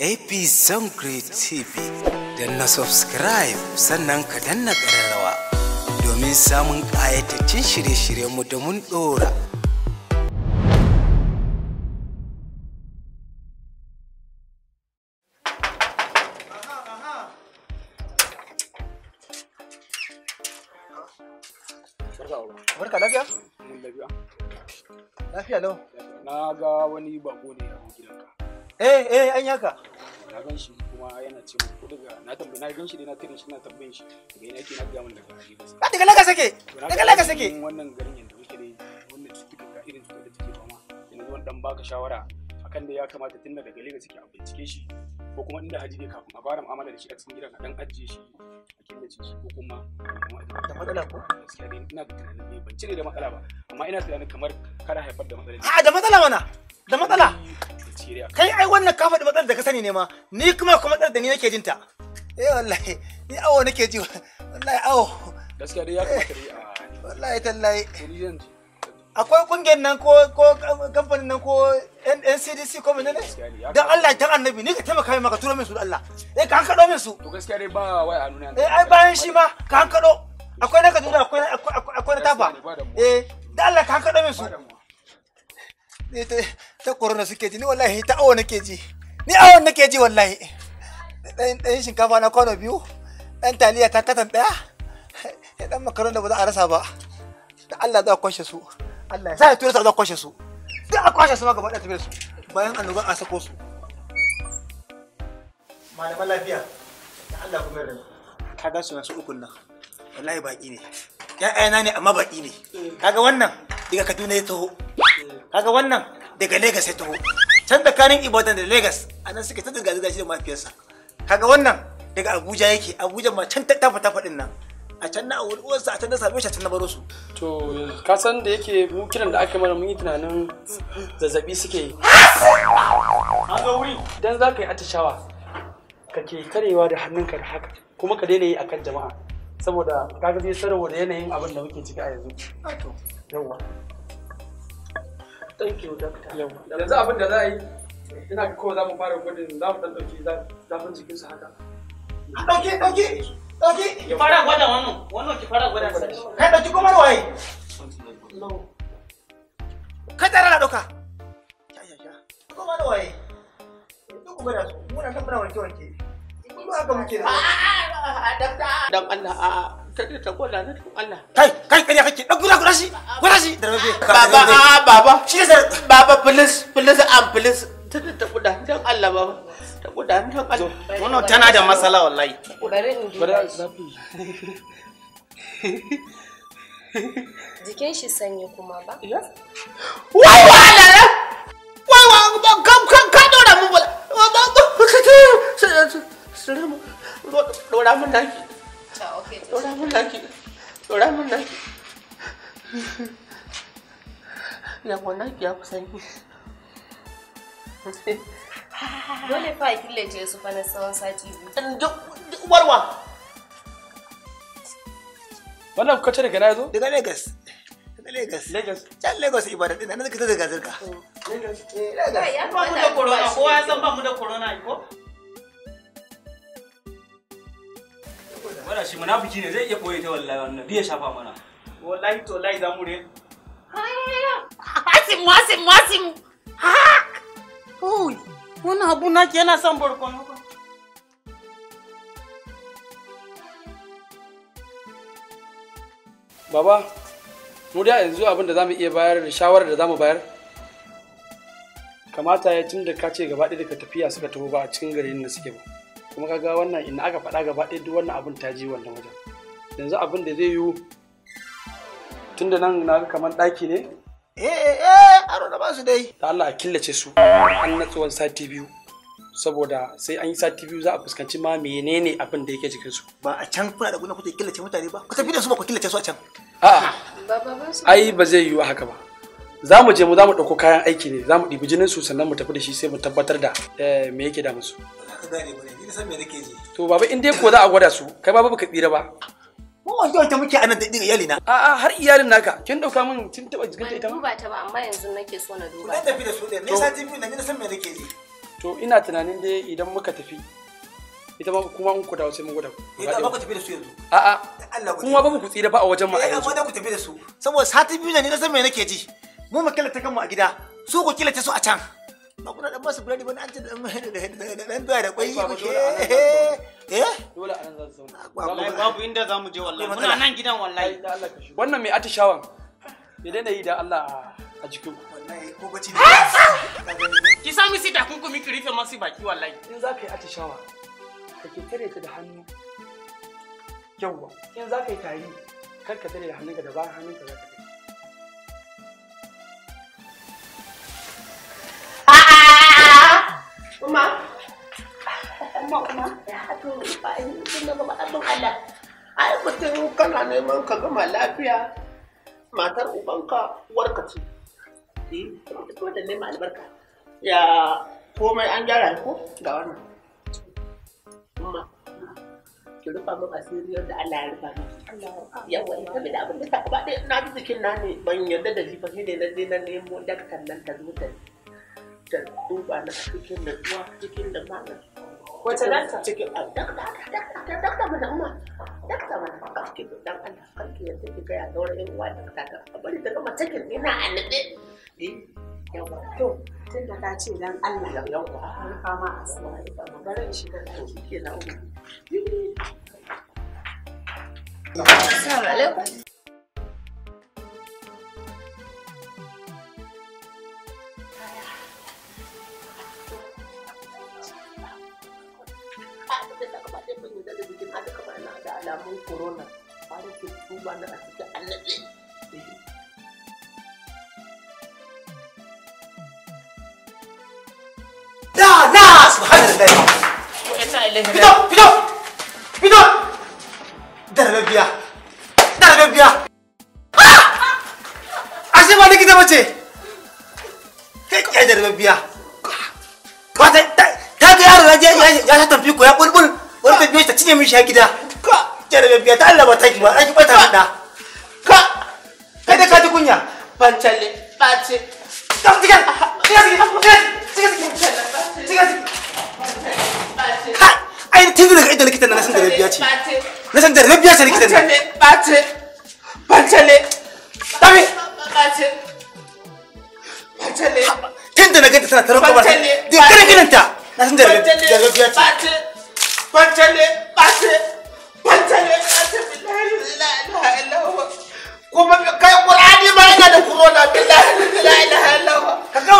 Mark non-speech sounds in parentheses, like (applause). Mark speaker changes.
Speaker 1: AP Zone Create TV. Danna subscribe sannan ka danna ƙararrawa domin samun ƙayataccen shirye-shiryenmu da mun ɗora.
Speaker 2: Na ga wani bako ne a gidanka. Eh, eh, an yaka. na gan shi kuma yana ce mun kudu ga na tambayi na gan shi dai na tare shi na tambayin shi daga ina yake na ga mun daga Lagos ka daga Lagos sake daga Lagos sake wannan garin yanda muke dai wannan cututtuka ga irin cutar da take fama yanzu wani dan baka shawara akan da ya kamata tun daga Lagos sake a bincike shi ko kuma inda haji ne kafin a fara mu'amala da shi a cikin gidan a dan ajiye shi a killace shi ko kuma da matsala ko gaskiya dai ina da tunanin ban cire da matsala ba amma ina tunanin kamar kana haifar da matsala a da matsala mana
Speaker 1: da matsala kai ai wannan ka faɗi matsalar da ka sani ne ma ni kuma kuma matsalar da ni nake jinta eh wallahi ni awo nake ji
Speaker 2: wallahi awo gaskiya dai ya kamata dai a (laughs) wallahi
Speaker 1: tallahi akwai kungiyar nan ko ko kamfanin nan ko NCDC ko menene dan Allah dan annabi ni ka taimaka min maka turo min su Allah eh ka hankado min su
Speaker 2: to gaskiya dai ba wai a nuna eh ai
Speaker 1: bayan shi ma ka hankado akwai na duna akwai akwai na Tafa eh dan Allah ka hankado min su ta korona suke ji ni wallahi ta awon nake ji ni awon nake ji wallahi dan dan shinkafa na kwano biyu dan taliya ta katan daya dan makaron da ba za a rasa ba da Allah za a kwashe su Allah ya sa ya tura su za a kwashe su za a kwashe su ma gaba da tafiya su bayan annoban a sako su malaman lafiya da Allah kuma yarda ka ga su na su ukun nan wallahi baki ne ya'yana ne amma baki ne kaga wannan diga Kaduna ya taho kaga wannan daga Legas ya taho can tsakanin Ibadan da Legas a nan suke ta zirga zirga shi da mafiyarsa kaga wannan daga Abuja yake Abuja ma can ta tafa tafa din nan
Speaker 2: a can na auri uwarsa a can na same shi a can na baro su to ka san da yake mu kiran da aka mana mun yi tunanin zazzabi suke yi an ga wuri dan za ka yi atishawa ka ke karewa da hannunka da haka kuma ka daina yi a kan jama'a saboda kaga zai sarrafa da yanayin abin da muke ciki a yanzu yawa thank you doctor yanzu abin da za a yi ina ga kowa za mu fara gudun za mu ɗan ɗauki zafin jikinsu haka
Speaker 1: ɗauke ɗauke ɗauke ki fara gwada
Speaker 2: wannan wannan ki fara gwada kai ɗauki kuma waye
Speaker 1: Ka tsara na ɗauka kuma da waye duk kuma da su muna tambara wanke wanke duk haka muke da dan Allah a'a ta Kai, kai kariya kake dan gura gura shi. Gura shi da rabe. Baba, a baba. Shi ne baba plus plus and plus Ta ta gwada dan Allah baba. Ta dan Allah. Wannan tana da matsala wallahi.
Speaker 2: Bari in duba. Jikin shi sanyi kuma ba? Wai
Speaker 1: wala! Wai wa kan kan ka dora mun bala. Dora mun daki. Dora mun yi. Dole fa
Speaker 2: killace su fa na tsawon sati biyu.
Speaker 1: Warwa. Wannan kuka daga na yazo? Daga Lagos. Lagos. Can Lagos ina na zaka ta zirga zirga. Lagos. Lagos. Ya ba mu da corona, ya san ba mu da corona ko?
Speaker 2: gwada shi munafiki ne zai iya boye ta wallahi wannan biya shafa mana wallahi to wallahi zamu ne
Speaker 1: wasim wasim wasim ha oi wannan abu na yana son
Speaker 2: barkono Baba, mu da yanzu abin da za mu iya bayar da shawarar da za mu bayar kamata ya tun da ka ce gaba ɗaya daga tafiya suka taho ba a cikin garin da suke ba kuma kaga wannan in aka faɗa gaba ɗaya duk wannan abin ta ji wannan wajen yanzu abin da zai yiwu tunda nan na ga kamar ɗaki ne eh eh eh aro da su dai da Allah a killace su an na tsawon sati biyu saboda sai an yi sati biyu za a fuskanci ma menene abin da yake jikin su ba a can kuna da kuna kuke killace mutane ba ku tafi da su ba ku killace su a can a'a ai ba zai yiwu haka ba za mu je mu za mu ɗauko kayan aiki ne za mu ɗibi jinin su sannan mu tafi da shi sai mu tabbatar da eh, me yake da musu. ka gane bane ni san me nake ji to baba in dai ko za a gwada su kai baba baka tsira ba mu wanda wata muke anan da iyali na a a har iyalin naka kin dauka mun kin taba jikin
Speaker 1: ta ita ba ta ba amma
Speaker 2: yanzu nake so na duba ku tafi da
Speaker 1: su dai ne sati biyu
Speaker 2: na ni san me nake ji to ina tunanin dai idan muka tafi ita ba kuma in ku dawo sai mun gwada ku ita ba ku tafi da su yanzu a a Allah ku kuma ba ku tsira ba a wajen mu a eh, yanzu ba ku tafi da su saboda sati biyu na ni san me nake ji mu mu
Speaker 1: kila ta kanmu a gida su ku kila ta su a can ba kuna dan basu biredi ba na (laughs) da dan
Speaker 2: doya da kwai ku ce (laughs) eh dole anan za su
Speaker 1: ah, wallahi babu
Speaker 2: inda za mu je wallahi muna nan gidan wallahi wannan mai atishawan ya daina yi da Allah a jikin ku wallahi ko bace
Speaker 1: ne (laughs) ki sami sai da kunkumi ki rufe masu baki wallahi in
Speaker 2: za ka yi atishawa ka ke tare ta da hannu yawwa in za ka yi tari kar ka tare da hannunka da bayan hannunka za ka
Speaker 1: tunda ba abin Allah ai mutum kana neman ka gama lafiya matar ubanka uwarka ce eh ko da neman albarka ya komai an gyara ko ga wannan amma ki rufa min asiri yadda Allah ya rufa min yawa da abin da ba dai na bi jikin na ne ban yarda da shi fa shi ne na na nemo daktar nan ta zo ta duba na cikin da cikin da magana
Speaker 2: Wace dakta? Cikin dakta mana umma. Dakta mana karki dan Allah karki da take gaya da wani uwa dakta a bari ta gama cikin ina a Eh yawa to tun da ta ce dan Allah yawa an fama a sama ita bari in shiga daki na umma.
Speaker 1: Assalamu alaikum. samu corona fara ke tuba na a cikin annabi da da subhanallahi fito fito fito darababbiya darababbiya ashe ba ya darababbiya wata ta ga yaro ya ya ya tafi ko ya bulbul wanda bai ta cinye mishi ya gida jarababbiya ta Allah ba ta ki ba an ki bata da ka kai da ka kunya bancalle bace ka tiga tiga tiga tiga tiga tiga tiga ai tun daga inda likitan na san jarababbiya ce na san jarababbiya ce likitan na bace bancalle tabi bace bancalle tun da na ganta tana taron kamar da kare gidanta na san jarababbiya ce bancalle bace mutane ya ce kuma kai kur'ani ba yana da corona billahi la ilaha illallah